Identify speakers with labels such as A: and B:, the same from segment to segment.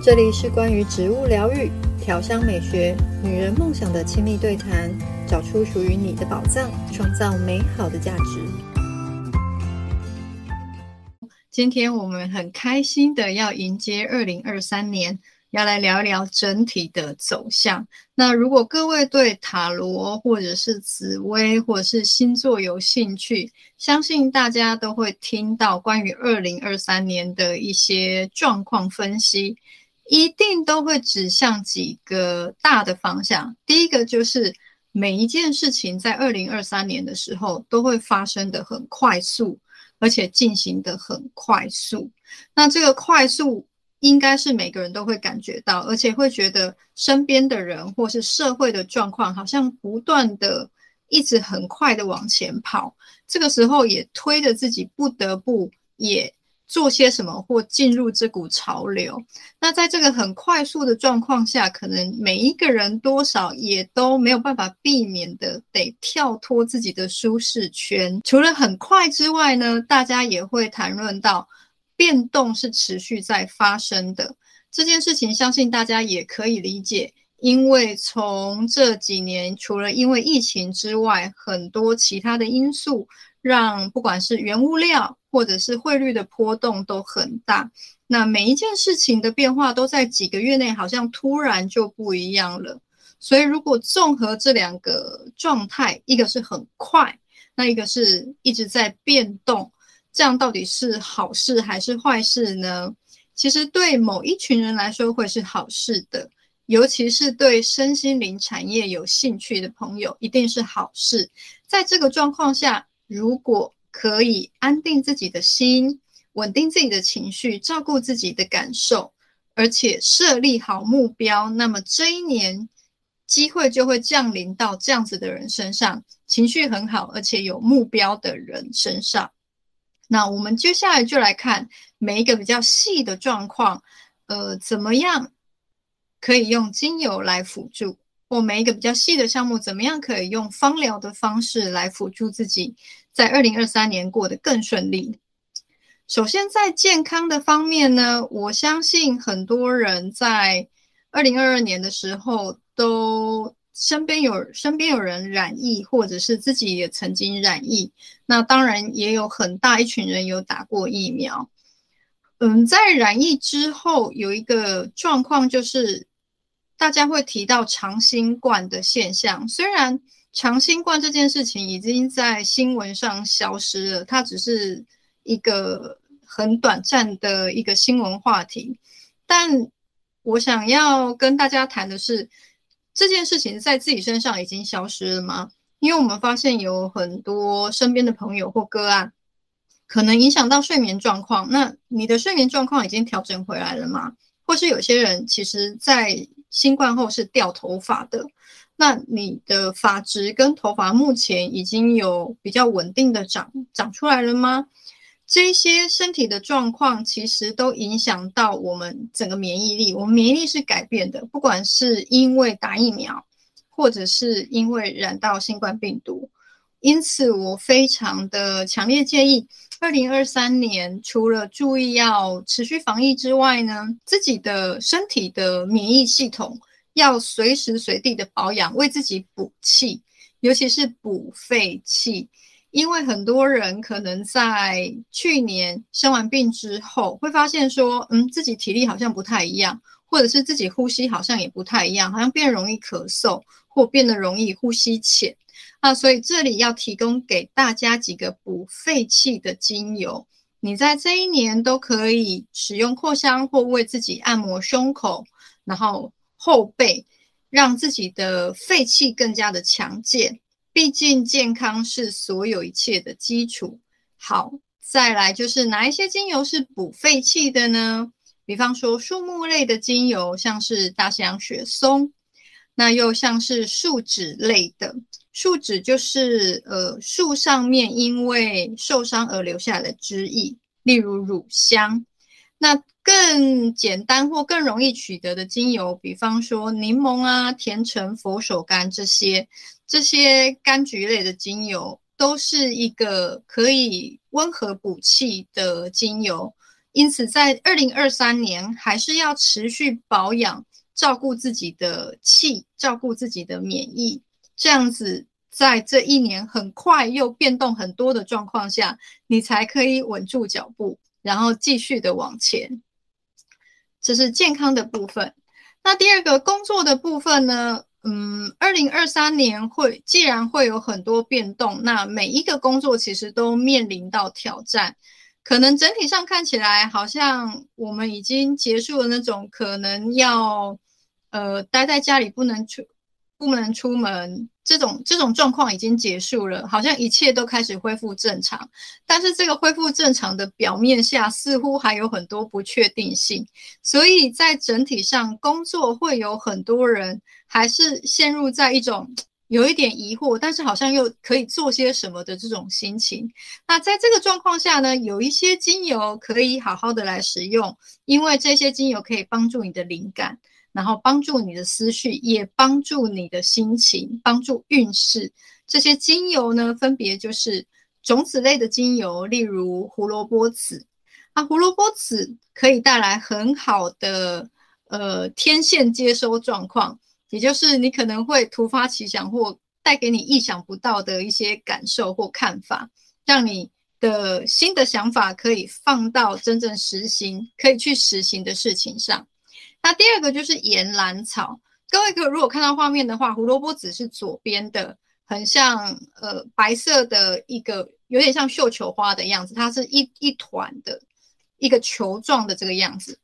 A: 這裡是關於植物療癒、調香美學、女人夢想的親密對談，找出屬於你的寶藏，創造美好的價值。今天我們很開心的要迎接二零二三年，要來聊一聊整體的走向。那如果各位對塔羅或者是紫微或者是星座有興趣，相信大家都會聽到關於二零二三年的一些狀況分析。一定都會指向幾個大的方向。第一個就是每一件事情在二零二三年的時候都會發生得很快速，而且進行得很快速。那這個快速應該是每個人都會感覺到，而且會覺得身邊的人或是社會的狀況好像不斷地一直很快地往前跑。這個時候也推着自己不得不也。做些什麼或進入這股潮流。那在這個很快速的狀況下，可能每一個人多少也都沒有辦法避免的，得跳脫自己的舒適圈。除了很快之外呢，大家也會談論到變動是持續在發生的這件事情，相信大家也可以理解，因為從這幾年，除了因為疫情之外，很多其他的因素。讓不管是原物料或者是匯率的波動都很大，那每一件事情的變化都在幾個月內好像突然就不一樣了。所以如果綜合這兩個狀態，一個是很快，那一個是一直在變動，這樣到底是好事還是壞事呢？其實對某一群人來說會是好事的，尤其是對身心靈產業有興趣的朋友，一定是好事。在這個狀況下，如果可以安定自己的心，穩定自己的情緒，照顧自己的感受，而且設立好目標，那麼這一年機會就會降臨到這樣子的人身上，情緒很好，而且有目標的人身上。那我們接下來就來看每一個比較細的狀況，呃，怎麼樣可以用精油來輔助，或每一個比較細的項目，怎麼樣可以用芳療的方式來輔助自己。在二零二三年過得更順利。首先，在健康的方面呢，我相信很多人在二零二二年的時候，都身邊有身邊有人染疫，或者是自己也曾經染疫。那當然也有很大一群人有打過疫苗。嗯，在染疫之後，有一個狀況就是大家會提到長新冠的現象，雖然，長新冠這件事情已經在新聞上消失了，它只是一個很短暫的一個新聞話題。但我想要跟大家談的是，這件事情在自己身上已經消失了嗎？因為我們發現有很多身邊的朋友或個案，可能影響到睡眠狀況。那你的睡眠狀況已經調整回來了嗎？或是有些人其實，在新冠後是掉頭髮的。那你的髮質跟頭髮目前已經有比較穩定的長長出來了嗎？這些身體的狀況其實都影響到我們整個免疫力。我們免疫力是改變的，不管是因為打疫苗，或者是因為染到新冠病毒。因此，我非常的強烈建議，2023年除了注意要持續防疫之外呢，自己的身體的免疫系統。要隨時隨地的保養，為自己補氣，尤其是補肺氣，因為很多人可能在去年生完病之後，會發現說，嗯，自己體力好像不太一樣，或者是自己呼吸好像也不太一樣，好像變得容易咳嗽，或變得容易呼吸淺。那、啊、所以這裡要提供給大家幾個補肺氣的精油，你在這一年都可以使用擴香或為自己按摩胸口，然後。後背，讓自己的肺氣更加的強健。畢竟健康是所有一切的基礎。好，再來就是哪一些精油是補肺氣的呢？比方說樹木類的精油，像是大西洋雪松，那又像是樹脂類的。樹脂就是呃樹上面因為受傷而留下來的汁液，例如乳香。那更簡單或更容易取得的精油，比方說檸檬啊、甜橙、佛手柑這些這些柑橘類的精油，都是一個可以溫和補氣的精油。因此，在二零二三年還是要持續保養，照顧自己的氣、照顧自己的免疫，這樣子在這一年很快又變動很多的狀況下，你才可以穩住腳步，然後繼續的往前。這是健康的部分，那第二個工作的部分呢？嗯，二零二三年會既然會有很多變動，那每一個工作其實都面臨到挑戰。可能整體上看起來，好像我們已經結束了那種可能要呃待在家裡不能出不能出門。這種這種狀況已經結束了，好像一切都開始恢復正常，但是這個恢復正常的表面下似乎還有很多不確定性，所以在整體上工作會有很多人還是陷入在一種有一點疑惑，但是好像又可以做些什麼的這種心情。那在這個狀況下呢，有一些精油可以好好的來使用，因為這些精油可以幫助你的靈感。然後幫助你的思緒，也幫助你的心情，幫助運勢。這些精油呢，分別就是種子類的精油，例如胡蘿蔔籽。啊，胡蘿蔔籽可以帶來很好的呃天線接收狀況，也就是你可能會突發奇想，或帶給你意想不到的一些感受或看法，讓你的新的想法可以放到真正實行，可以去實行的事情上。那第二個就是岩蘭草，各位如果看到畫面的話，胡蘿蔔籽是左邊的，很像呃白色的一個，有點像繡球花的樣子，它是一一團的，一個球狀的這個樣子。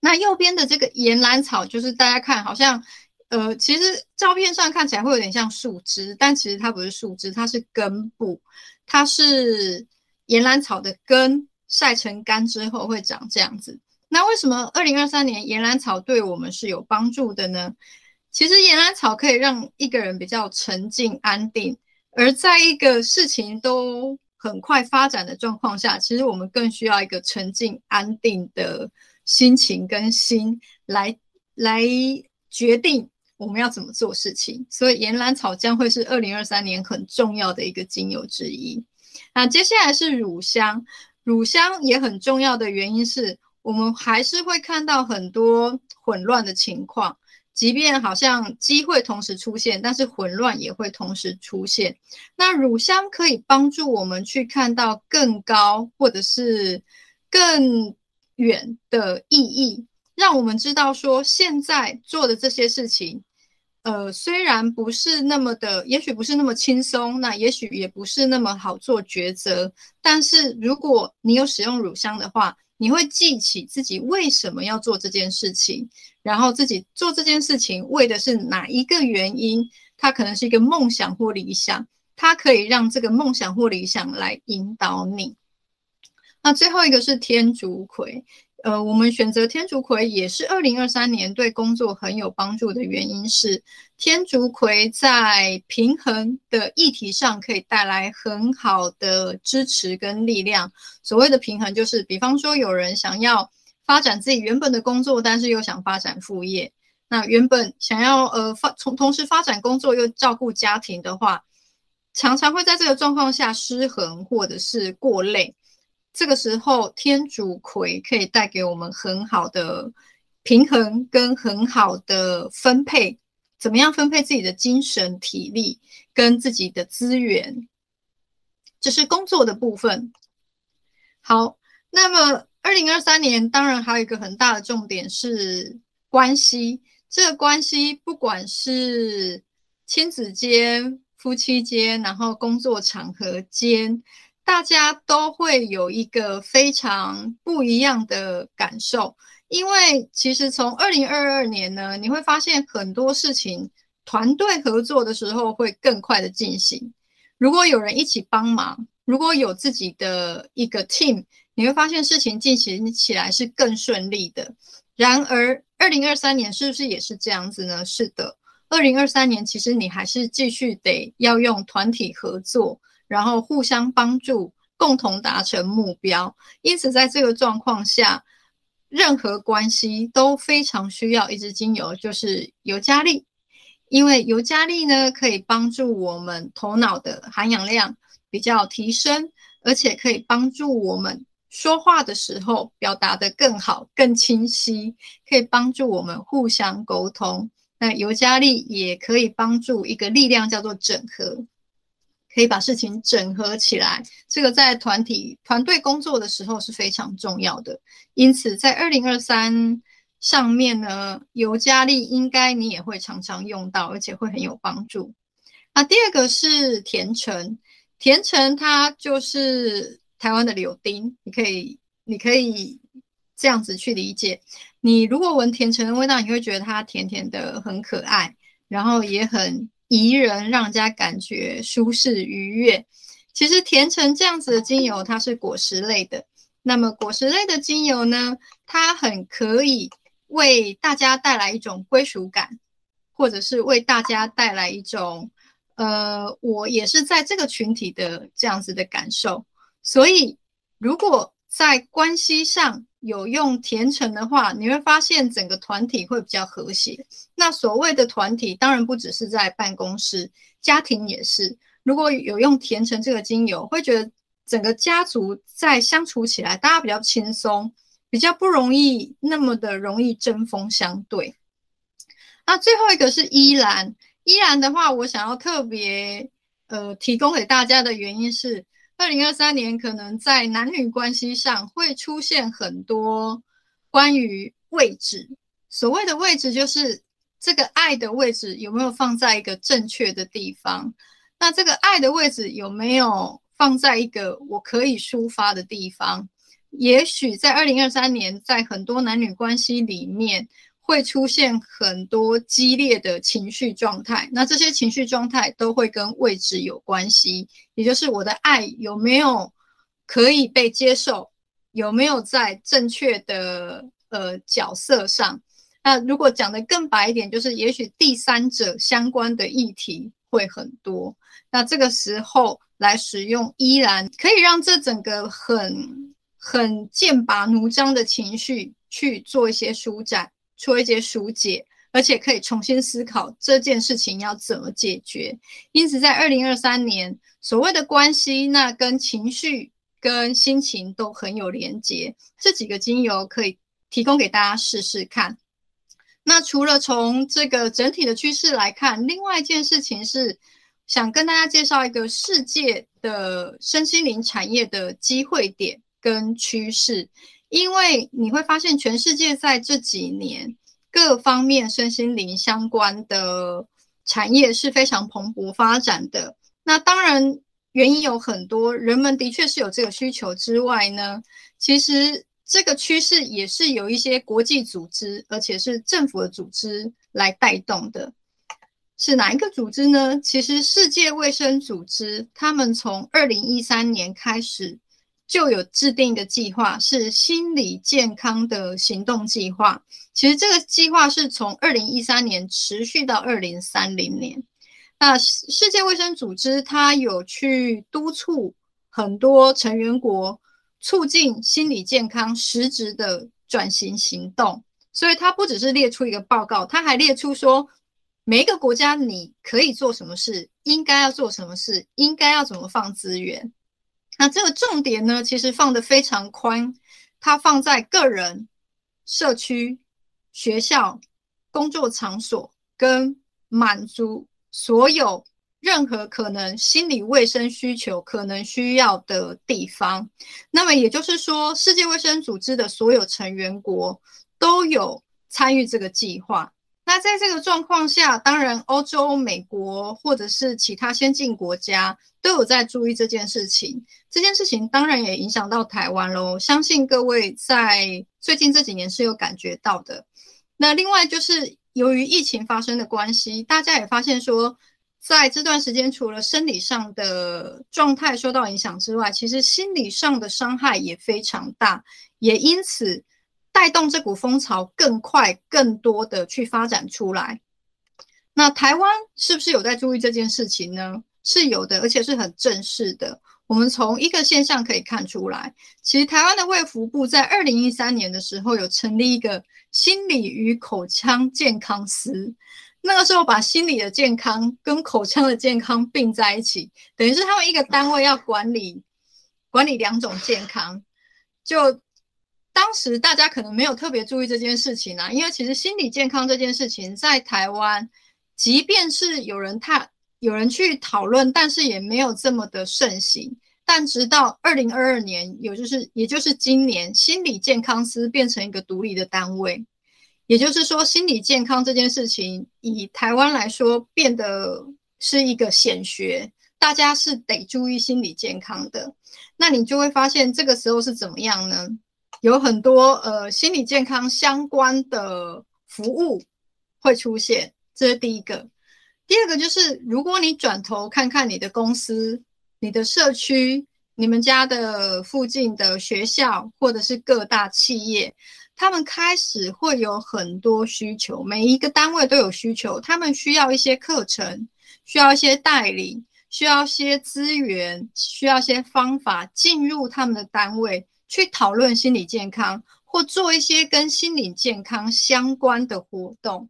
A: 那右邊的這個岩蘭草，就是大家看好像呃，其實照片上看起來會有點像樹枝，但其實它不是樹枝，它是根部，它是岩蘭草的根曬成乾之後會長這樣子。那為什麼二零二三年岩蘭草對我們是有幫助的呢？其實岩蘭草可以讓一個人比較沉靜安定，而在一個事情都很快發展的狀況下，其實我們更需要一個沉靜安定的心情跟心來來決定我們要怎麼做事情。所以岩蘭草將會是二零二三年很重要的一個精油之一。那接下來是乳香，乳香也很重要的原因是。我們還是會看到很多混亂的情況，即便好像機會同時出現，但是混亂也會同時出現。那乳香可以幫助我們去看到更高或者是更遠的意義，讓我們知道說現在做的這些事情，呃，雖然不是那麼的，也許不是那麼輕鬆，那也許也不是那麼好做抉擇，但是如果你有使用乳香的話。你會記起自己為什麼要做這件事情，然後自己做這件事情為的是哪一個原因？它可能是一個夢想或理想，它可以讓這個夢想或理想來引導你。那最後一個是天竺葵。呃，我們選擇天竺葵也是二零二三年對工作很有幫助的原因是，天竺葵在平衡的議題上可以帶來很好的支持跟力量。所謂的平衡，就是比方說有人想要發展自己原本的工作，但是又想發展副業。那原本想要呃發從同時發展工作又照顧家庭的話，常常會在這個狀況下失衡或者是過累。這個時候，天竺葵可以帶給我們很好的平衡跟很好的分配，怎麼樣分配自己的精神、體力跟自己的資源，這是工作的部分。好，那麼二零二三年，當然還有一個很大的重點是關係，這個關係不管是親子間、夫妻間，然後工作場合間。大家都會有一個非常不一樣的感受，因為其實從二零二二年呢，你會發現很多事情，團隊合作的時候會更快的進行。如果有人一起幫忙，如果有自己的一個 team，你會發現事情進行起來是更順利的。然而，二零二三年是不是也是這樣子呢？是的，二零二三年其實你還是繼續得要用團體合作。然後互相幫助，共同達成目標。因此，在這個狀況下，任何關係都非常需要一支精油，就是尤加利。因為尤加利呢，可以幫助我們頭腦的含氧量比較提升，而且可以幫助我們說話的時候表達得更好、更清晰，可以幫助我們互相溝通。那尤加利也可以幫助一個力量，叫做整合。可以把事情整合起來，這個在團體團隊工作的時候是非常重要的。因此，在二零二三上面呢，尤加利應該你也會常常用到，而且會很有幫助。那第二個是甜橙，甜橙它就是台灣的柳丁，你可以你可以這樣子去理解。你如果聞甜橙的味道，你會覺得它甜甜的，很可愛，然後也很。宜人，讓人家感覺舒適愉悅。其實甜橙這樣子的精油，它是果實類的。那麼果實類的精油呢，它很可以為大家帶來一種歸屬感，或者是為大家帶來一種，呃，我也是在這個群體的這樣子的感受。所以，如果在關係上，有用甜橙的話，你會發現整個團體會比較和諧。那所謂的團體，當然不只是在辦公室，家庭也是。如果有用甜橙這個精油，會覺得整個家族在相處起來，大家比較輕鬆，比較不容易那麼的容易針鋒相對。那最後一個是依蘭，依蘭的話，我想要特別呃提供給大家的原因是。二零二三年可能在男女關係上會出現很多關於位置，所謂的位置就是這個愛的位置有沒有放在一個正確的地方？那這個愛的位置有沒有放在一個我可以抒發的地方？也許在二零二三年，在很多男女關係裡面。會出現很多激烈的情緒狀態，那這些情緒狀態都會跟位置有關係，也就是我的愛有沒有可以被接受，有沒有在正確的呃角色上。那如果講得更白一點，就是也許第三者相關的議題會很多。那這個時候來使用依然可以讓這整個很很劍拔弩張的情緒去做一些舒展。出一些紓解，而且可以重新思考這件事情要怎麼解決。因此，在二零二三年，所謂的關係，那跟情緒、跟心情都很有連接。這幾個精油可以提供給大家試試看。那除了從這個整體的趨勢來看，另外一件事情是，想跟大家介紹一個世界的身心靈產業的機會點跟趨勢。因為你會發現，全世界在這幾年，各方面身心靈相關的產業是非常蓬勃發展的。那當然，原因有很多，人們的確是有這個需求之外呢，其實這個趨勢也是有一些國際組織，而且是政府的組織來帶動的。是哪一個組織呢？其實世界衛生組織，他們從二零一三年開始。就有制定的計劃，是心理健康的行動計劃。其實這個計劃是從二零一三年持續到二零三零年。那世界衛生組織它有去督促很多成員國促進心理健康實質的轉型行動，所以它不只是列出一個報告，它還列出說每一個國家你可以做什麼事，應該要做什麼事，應該要怎麼放資源。那這個重點呢，其實放得非常寬，它放在個人、社區、學校、工作場所，跟滿足所有任何可能心理衛生需求可能需要的地方。那麼也就是說，世界衛生組織的所有成員國都有參與這個計劃。那在這個狀況下，當然歐洲、美國或者是其他先進國家都有在注意這件事情。這件事情當然也影響到台灣嘍，相信各位在最近這幾年是有感覺到的。那另外就是由於疫情發生的關係，大家也發現說，在這段時間除了生理上的狀態受到影響之外，其實心理上的傷害也非常大，也因此。帶動這股風潮更快、更多的去發展出來。那台灣是不是有在注意這件事情呢？是有的，而且是很正式的。我們從一個現象可以看出來，其實台灣的衛福部在二零一三年的時候有成立一個心理與口腔健康司，那個時候把心理的健康跟口腔的健康併在一起，等於是他們一個單位要管理管理兩種健康，就。當時大家可能沒有特別注意這件事情啊，因為其實心理健康這件事情在台灣，即便是有人討有人去討論，但是也沒有這麼的盛行。但直到二零二二年，有就是也就是今年，心理健康師變成一個獨立的單位，也就是說心理健康這件事情以台灣來說變得是一個顯學，大家是得注意心理健康的。那你就會發現這個時候是怎麼樣呢？有很多呃、心理健康相關的服務會出現，這是第一個。第二個就是，如果你轉頭看看你的公司、你的社區、你們家的附近的學校或者是各大企業，他們開始會有很多需求，每一個單位都有需求，他們需要一些課程，需要一些帶領，需要一些資源，需要一些方法進入他們的單位。去討論心理健康，或做一些跟心理健康相關的活動，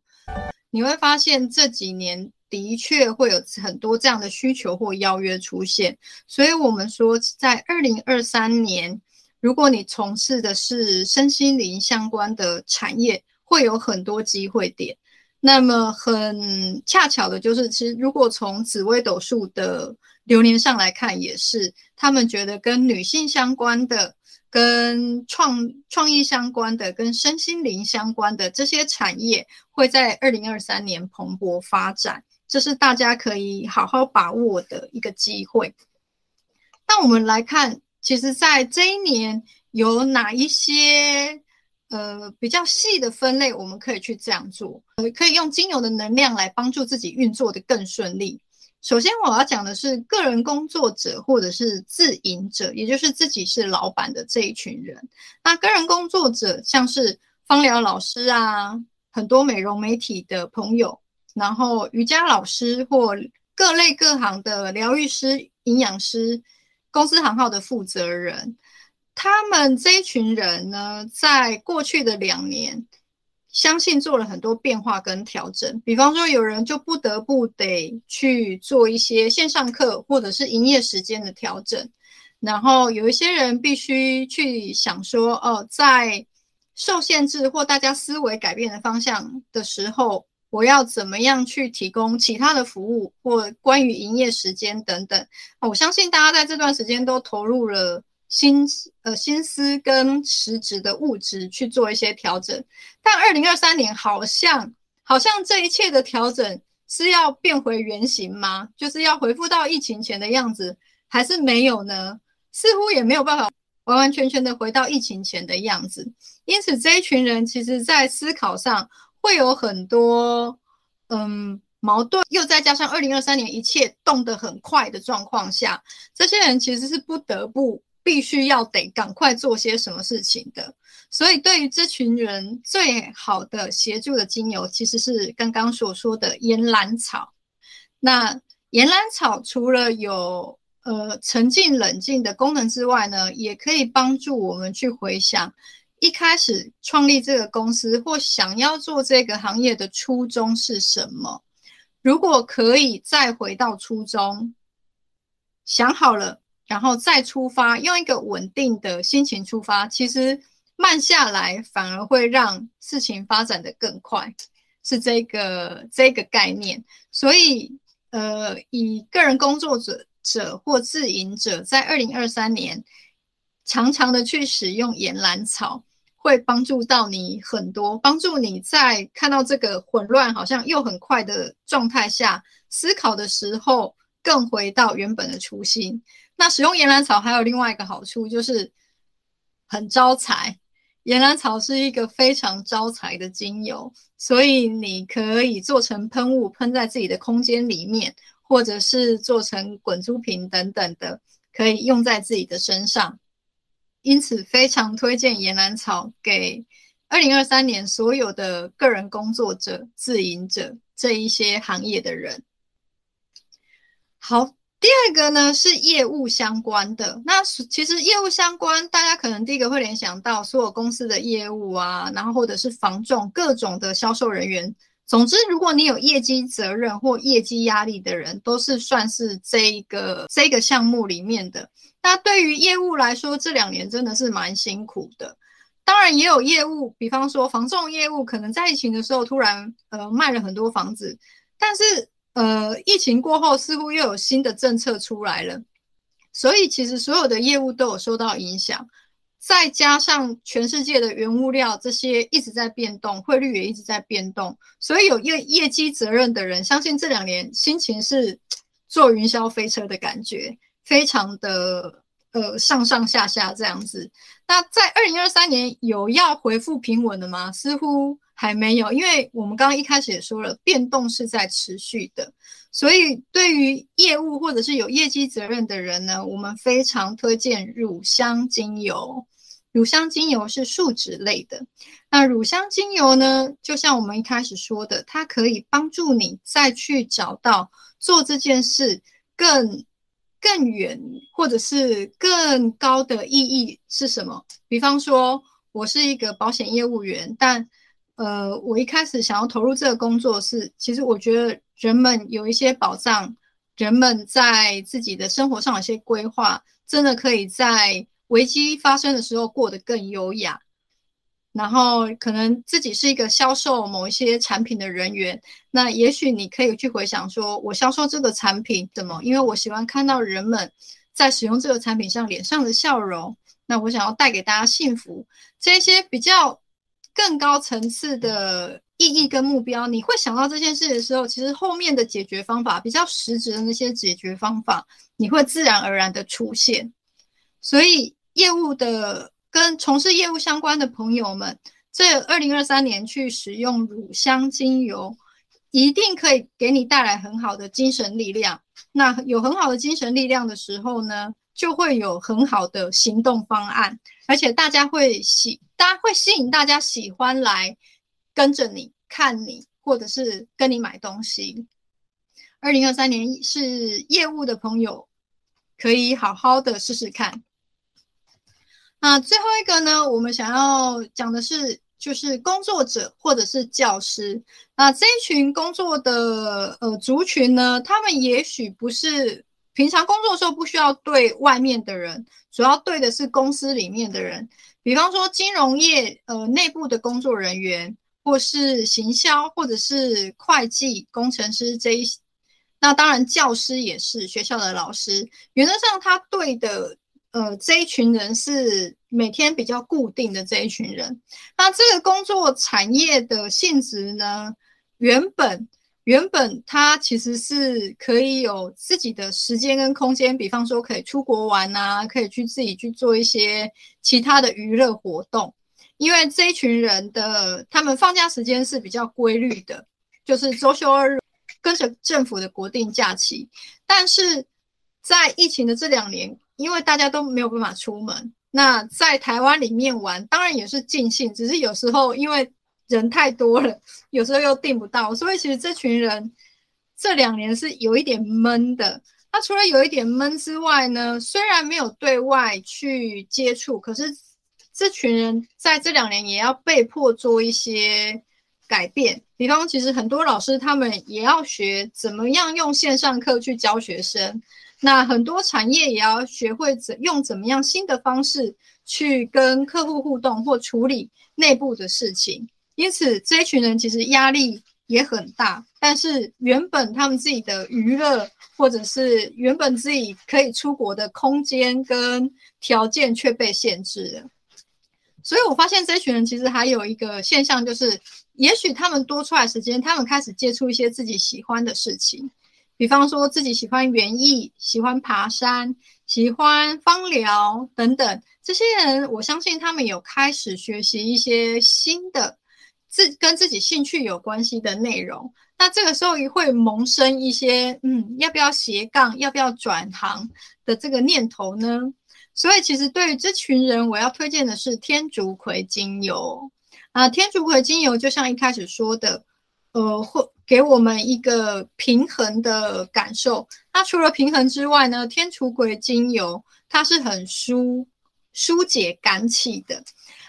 A: 你會發現這幾年的確會有很多這樣的需求或邀約出現。所以，我們說在二零二三年，如果你從事的是身心靈相關的產業，會有很多機會點。那麼，很恰巧的就是，其實如果從紫微斗數的流年上來看，也是他們覺得跟女性相關的、跟創創意相關的、跟身心靈相關的這些產業，會在二零二三年蓬勃發展，這是大家可以好好把握的一個機會。那我們來看，其實在這一年有哪一些呃比較細的分類，我們可以去這樣做，呃，可以用精油的能量來幫助自己運作得更順利。首先，我要講的是個人工作者或者是自營者，也就是自己是老闆的這一群人。那個人工作者像是芳療老師啊，很多美容美體的朋友，然後瑜伽老師或各類各行的療癒師、營養師、公司行號的負責人，他們這一群人呢，在過去的兩年。相信做了很多變化跟調整，比方說有人就不得不得去做一些線上課或者是營業時間的調整，然後有一些人必須去想說，哦，在受限制或大家思維改變的方向的時候，我要怎麼樣去提供其他的服務或關於營業時間等等。哦，我相信大家在這段時間都投入了。心思呃心思跟實質的物質去做一些調整，但二零二三年好像好像這一切的調整是要變回原形嗎？就是要恢復到疫情前的樣子，還是沒有呢？似乎也沒有辦法完完全全的回到疫情前的樣子。因此這一群人其實在思考上會有很多嗯矛盾，又再加上二零二三年一切動得很快的狀況下，這些人其實是不得不。必須要得趕快做些什麼事情的，所以對於這群人最好的協助的精油，其實是剛剛所說的岩蘭草。那岩蘭草除了有呃沉靜冷靜的功能之外呢，也可以幫助我們去回想一開始創立這個公司或想要做這個行業的初衷是什麼。如果可以再回到初衷，想好了。然後再出發，用一個穩定的心情出發，其實慢下來反而會讓事情發展得更快，是這個這個概念。所以，呃，以個人工作者者或自營者，在二零二三年，常常的去使用岩蘭草，會幫助到你很多，幫助你在看到這個混亂好像又很快的狀態下，思考的時候，更回到原本的初心。那使用岩蘭草還有另外一個好處，就是很招財。岩蘭草是一個非常招財的精油，所以你可以做成噴霧，噴在自己的空間裡面，或者是做成滾珠瓶等等的，可以用在自己的身上。因此，非常推薦岩蘭草給二零二三年所有的個人工作者、自營者這一些行業的人。好。第二個呢是業務相關的，那是其實業務相關，大家可能第一個會聯想到所有公司的業務啊，然後或者是房仲各種的銷售人員。總之，如果你有業績責任或業績壓力的人，都是算是這一個這一個項目裡面的。那對於業務來說，這兩年真的是蠻辛苦的。當然也有業務，比方說房仲業務，可能在疫情的時候突然呃賣了很多房子，但是。呃，疫情過後似乎又有新的政策出來了，所以其實所有的業務都有受到影響，再加上全世界的原物料這些一直在變動，匯率也一直在變動，所以有業業績責任的人，相信這兩年心情是坐雲霄飛車的感覺，非常的呃上上下下這樣子。那在二零二三年有要恢復平穩的嗎？似乎。還沒有，因為我們剛剛一開始也說了，變動是在持續的，所以對於業務或者是有業績責任的人呢，我們非常推薦乳香精油。乳香精油是樹脂類的，那乳香精油呢，就像我們一開始說的，它可以幫助你再去找到做這件事更更遠或者是更高的意義是什麼。比方說，我是一個保險業務員，但呃，我一開始想要投入這個工作是，其實我覺得人們有一些保障，人們在自己的生活上有一些規劃，真的可以在危機發生的時候過得更優雅。然後可能自己是一個銷售某一些產品的人員，那也許你可以去回想說，我銷售這個產品怎麼？因為我喜歡看到人們在使用這個產品上臉上的笑容。那我想要帶給大家幸福，這些比較。更高層次的意義跟目標，你會想到這件事的時候，其實後面的解決方法，比較實質的那些解決方法，你會自然而然的出現。所以，業務的跟從事業務相關的朋友們，在2023年去使用乳香精油，一定可以給你帶來很好的精神力量。那有很好的精神力量的時候呢，就會有很好的行動方案，而且大家會喜。大家會吸引大家喜歡來跟着你、看你，或者是跟你買東西。二零二三年是業務的朋友可以好好的試試看。那最後一個呢，我們想要講的是，就是工作者或者是教師。那這一群工作的呃族群呢，他們也許不是平常工作的時候不需要對外面的人，主要對的是公司裡面的人。比方說金融業，呃，內部的工作人員，或是行銷，或者是會計、工程師這一，那當然教師也是學校的老師，原則上他對的，呃，這一群人是每天比較固定的這一群人，那這個工作產業的性質呢，原本。原本他其實是可以有自己的時間跟空間，比方說可以出國玩吶、啊，可以去自己去做一些其他的娛樂活動。因為這一群人的他們放假時間是比較規律的，就是周休二日，跟着政府的國定假期。但是在疫情的這兩年，因為大家都沒有辦法出門，那在台灣裡面玩當然也是盡興，只是有時候因為。人太多了，有時候又訂不到，所以其實這群人這兩年是有一點悶的。那、啊、除了有一點悶之外呢，雖然沒有對外去接觸，可是這群人在這兩年也要被迫做一些改變。比方，其實很多老師他們也要學怎麼樣用線上課去教學生，那很多產業也要學會用怎麼樣新的方式去跟客戶互動或處理內部的事情。因此，這一群人其實壓力也很大，但是原本他們自己的娛樂，或者是原本自己可以出國的空間跟條件卻被限制了。所以我發現這一群人其實還有一個現象，就是也許他們多出來時間，他們開始接觸一些自己喜歡的事情，比方說自己喜歡園藝、喜歡爬山、喜歡芳療等等。這些人，我相信他們有開始學習一些新的。自跟自己興趣有關係的內容，那這個時候也會萌生一些，嗯，要不要斜槓，要不要轉行的這個念頭呢？所以其實對於這群人，我要推薦的是天竺葵精油啊。天竺葵精油就像一開始說的，呃，會給我們一個平衡的感受。那除了平衡之外呢，天竺葵精油它是很疏疏解肝氣的。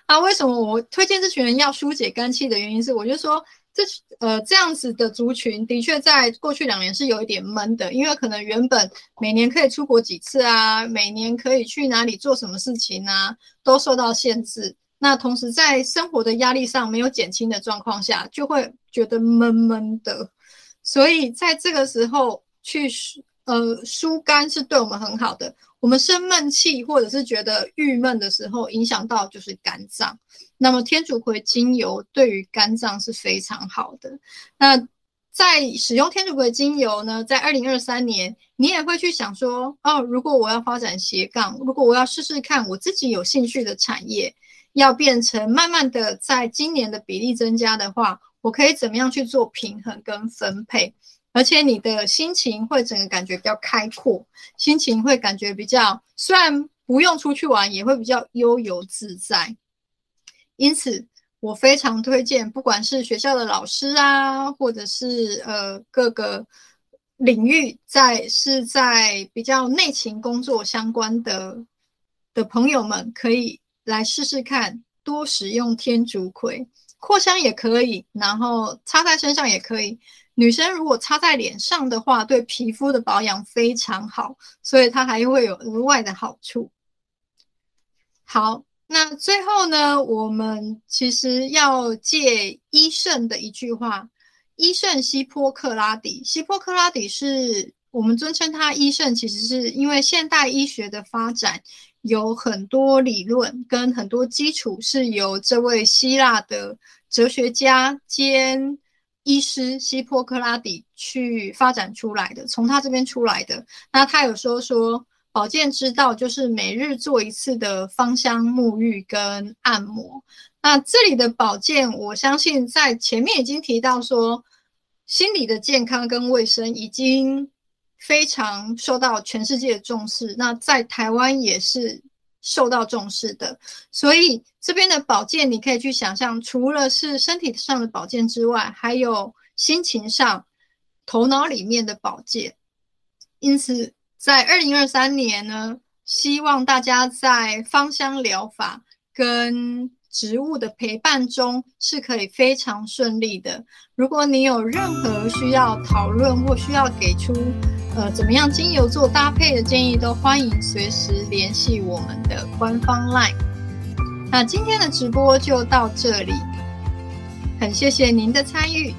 A: 啊，為什麼我推薦這群人要疏解肝氣的原因是，我就說，這呃這樣子的族群的確在過去兩年是有一點悶的，因為可能原本每年可以出國幾次啊，每年可以去哪裡做什麼事情啊，都受到限制。那同時在生活的壓力上沒有減輕的狀況下，就會覺得悶悶的。所以在這個時候去疏。呃，疏肝是對我們很好的。我們生悶氣或者是覺得鬱悶的時候，影響到就是肝臟。那麼天竺葵精油對於肝臟是非常好的。那在使用天竺葵精油呢，在二零二三年，你也會去想說，哦，如果我要發展斜槓，如果我要試試看我自己有興趣的產業，要變成慢慢的在今年的比例增加的話，我可以怎麼樣去做平衡跟分配？而且你的心情會整個感覺比較開闊，心情會感覺比較雖然不用出去玩，也會比較悠遊自在。因此，我非常推薦，不管是學校的老師啊，或者是呃各個領域在是在比較內勤工作相關的的朋友們，可以來試試看，多使用天竺葵擴香也可以，然後擦在身上也可以。女生如果擦在臉上的話，對皮膚的保養非常好，所以它還會有額外的好處。好，那最後呢，我們其實要借醫聖的一句話：“醫聖希波克拉底，希波克拉底是我們尊稱他醫聖，其實是因為現代醫學的發展有很多理論跟很多基礎是由這位希臘的哲學家兼。”醫師希波克拉底去發展出來的，從他這邊出來的。那他有說，說保健之道，就是每日做一次的芳香沐浴跟按摩。那這裡的保健，我相信在前面已經提到說，心理的健康跟衛生已經非常受到全世界的重視。那在台灣也是。受到重視的，所以這邊的保健你可以去想象，除了是身體上的保健之外，還有心情上、頭腦裡面的保健。因此，在二零二三年呢，希望大家在芳香療法跟植物的陪伴中是可以非常順利的。如果你有任何需要討論或需要給出，呃，怎麼樣精油做搭配的建議都歡迎隨時聯繫我們的官方 LINE。那今天的直播就到這裡，很謝謝您的參與。